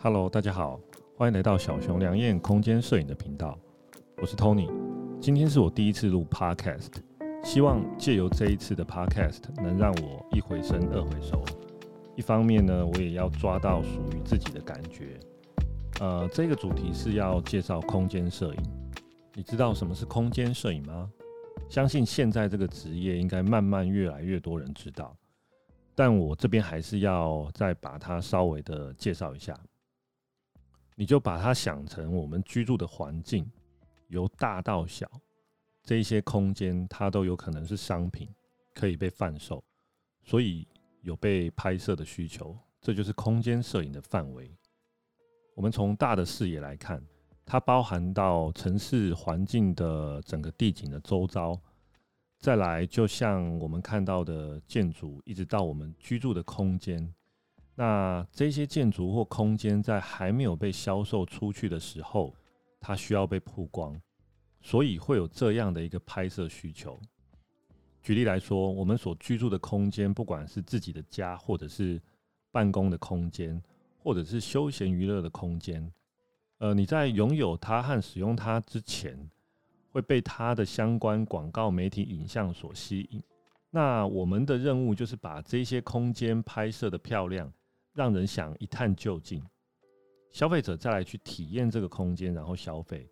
哈嘍，Hello, 大家好，歡迎來到小熊梁彥空間攝影的頻道。我是 Tony，今天是我第一次錄 Podcast，希望借由這一次的 Podcast 能讓我一回生二回熟。一方面呢，我也要抓到屬於自己的感覺。呃，這個主題是要介紹空間攝影。你知道什麼是空間攝影嗎？相信現在這個職業應該慢慢越來越多人知道，但我這邊還是要再把它稍微的介紹一下。你就把它想成我們居住的環境，由大到小，這些空間它都有可能是商品，可以被販售，所以有被拍攝的需求，這就是空間攝影的範圍。我們從大的視野來看，它包含到城市環境的整個地景的周遭，再來就像我們看到的建築，一直到我們居住的空間。那這些建築或空間在還沒有被銷售出去的時候，它需要被曝光，所以會有這樣的一個拍攝需求。舉例來說，我們所居住的空間，不管是自己的家，或者是辦公的空間，或者是休閒娛樂的空間，呃，你在擁有它和使用它之前，會被它的相關廣告媒體影像所吸引。那我們的任務就是把這些空間拍攝得漂亮。讓人想一探究竟，消費者再來去體驗這個空間，然後消費，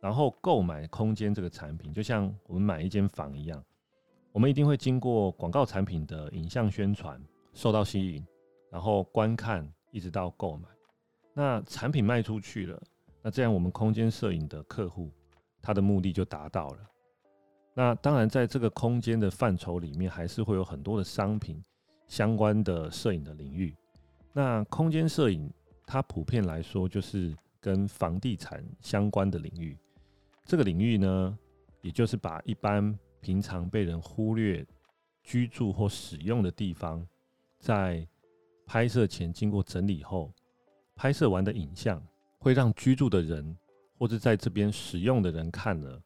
然後購買空間這個產品，就像我們買一間房一樣，我們一定會經過廣告產品的影像宣傳，受到吸引，然後觀看一直到購買。那產品賣出去了，那這樣我們空間攝影的客戶，他的目的就達到了。那當然在這個空間的範疇裡面，還是會有很多的商品相關的攝影的領域。那空間攝影，它普遍來說就是跟房地產相關的領域。這個領域呢，也就是把一般平常被人忽略、居住或使用的地方，在拍攝前經過整理後，拍攝完的影像會讓居住的人或是在這邊使用的人看了，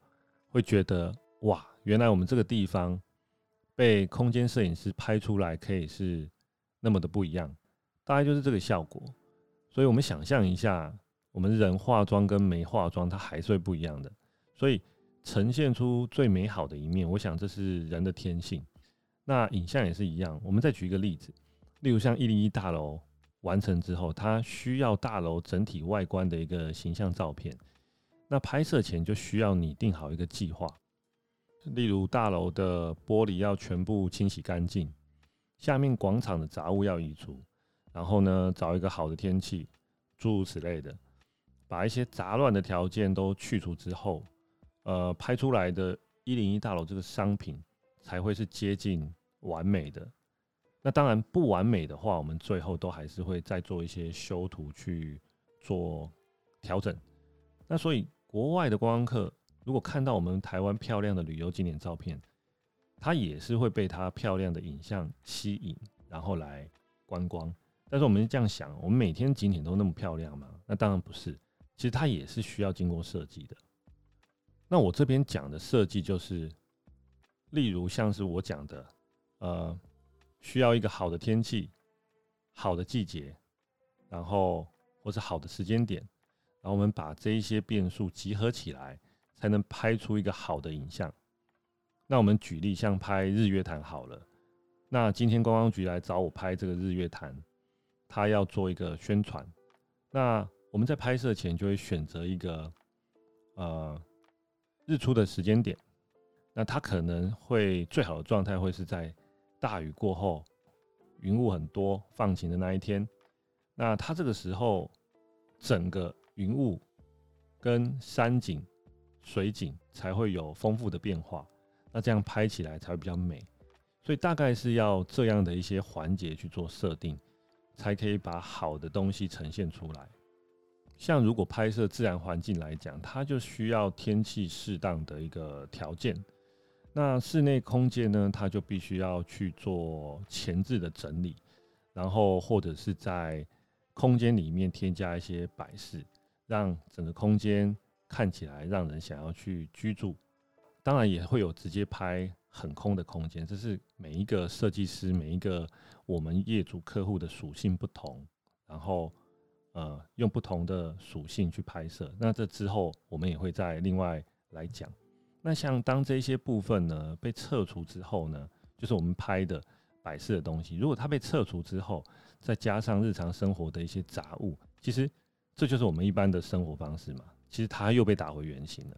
會覺得哇，原來我們這個地方被空間攝影師拍出來可以是那麼的不一樣。大概就是這個效果，所以我們想象一下，我們人化妝跟沒化妝，它還是會不一樣的。所以呈現出最美好的一面，我想這是人的天性。那影像也是一樣，我們再舉一個例子，例如像一零一大樓完成之後，它需要大樓整體外觀的一個形象照片。那拍攝前就需要擬定好一個計劃，例如大樓的玻璃要全部清洗乾淨，下面廣場的雜物要移除。然後呢，找一個好的天氣，諸如此類的，把一些雜亂的條件都去除之後，呃，拍出來的一零一大樓這個商品才會是接近完美的。那當然不完美的話，我們最後都還是會再做一些修圖去做調整。那所以國外的觀光客如果看到我們台灣漂亮的旅遊景點照片，他也是會被他漂亮的影像吸引，然後來觀光。但是我們是這樣想，我們每天景點都那麼漂亮嗎？那當然不是。其實它也是需要經過設計的。那我這邊講的設計，就是例如像是我講的，呃，需要一個好的天氣、好的季節，然後或者好的時間點，然後我們把這一些變數集合起來，才能拍出一個好的影像。那我們舉例，像拍日月潭好了。那今天觀光局來找我拍這個日月潭。他要做一個宣傳，那我們在拍攝前就會選擇一個呃日出的時間點。那他可能會最好的狀態會是在大雨過後，雲霧很多放晴的那一天。那他這個時候整個雲霧跟山景、水景才會有豐富的變化。那這樣拍起來才會比較美。所以大概是要這樣的一些環節去做設定。才可以把好的東西呈現出來。像如果拍攝自然環境來講，它就需要天氣適當的一個條件。那室內空間呢，它就必須要去做前置的整理，然後或者是在空間裡面添加一些擺飾，讓整個空間看起來讓人想要去居住。當然也會有直接拍很空的空間，這是每一個設計師、每一個我們業主客戶的屬性不同，然後呃用不同的屬性去拍攝。那這之後我們也會再另外來講。那像當這些部分呢被撤除之後呢，就是我們拍的擺設的東西，如果它被撤除之後，再加上日常生活的一些雜物，其實這就是我們一般的生活方式嘛。其實它又被打回原形了，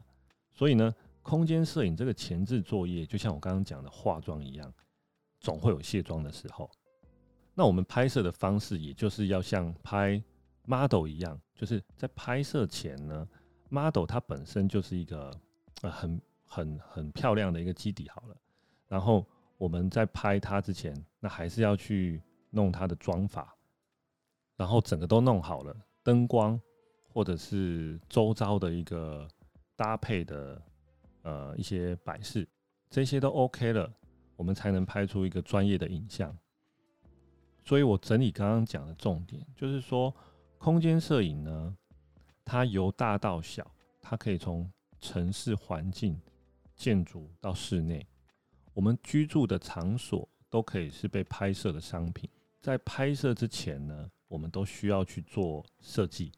所以呢。空間攝影這個前置作業，就像我剛剛講的化妝一樣，總會有卸妝的時候。那我們拍攝的方式，也就是要像拍 model 一樣，就是在拍攝前呢，model 它本身就是一個、呃、很很很漂亮的一個基底。好了，然後我們在拍它之前，那還是要去弄它的妝髮，然後整個都弄好了，燈光或者是周遭的一個搭配的。呃，一些擺飾，這些都 OK 了，我們才能拍出一個專業的影像。所以，我整理剛剛講的重點，就是說，空間攝影呢，它由大到小，它可以從城市環境、建築到室內，我們居住的場所都可以是被拍攝的商品。在拍攝之前呢，我們都需要去做設計，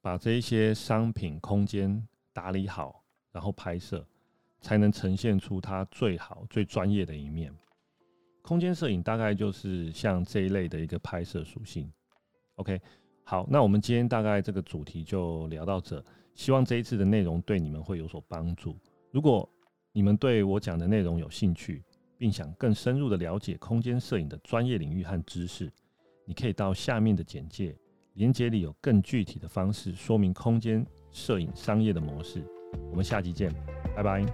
把這一些商品空間打理好。然後拍攝，才能呈現出它最好、最專業的一面。空間攝影大概就是像這一類的一個拍攝屬性。OK，好，那我們今天大概這個主題就聊到這。希望這一次的內容對你們會有所幫助。如果你們對我講的內容有興趣，並想更深入的了解空間攝影的專業領域和知識，你可以到下面的簡介連接裡有更具體的方式說明空間攝影商業的模式。我們下期見，拜拜。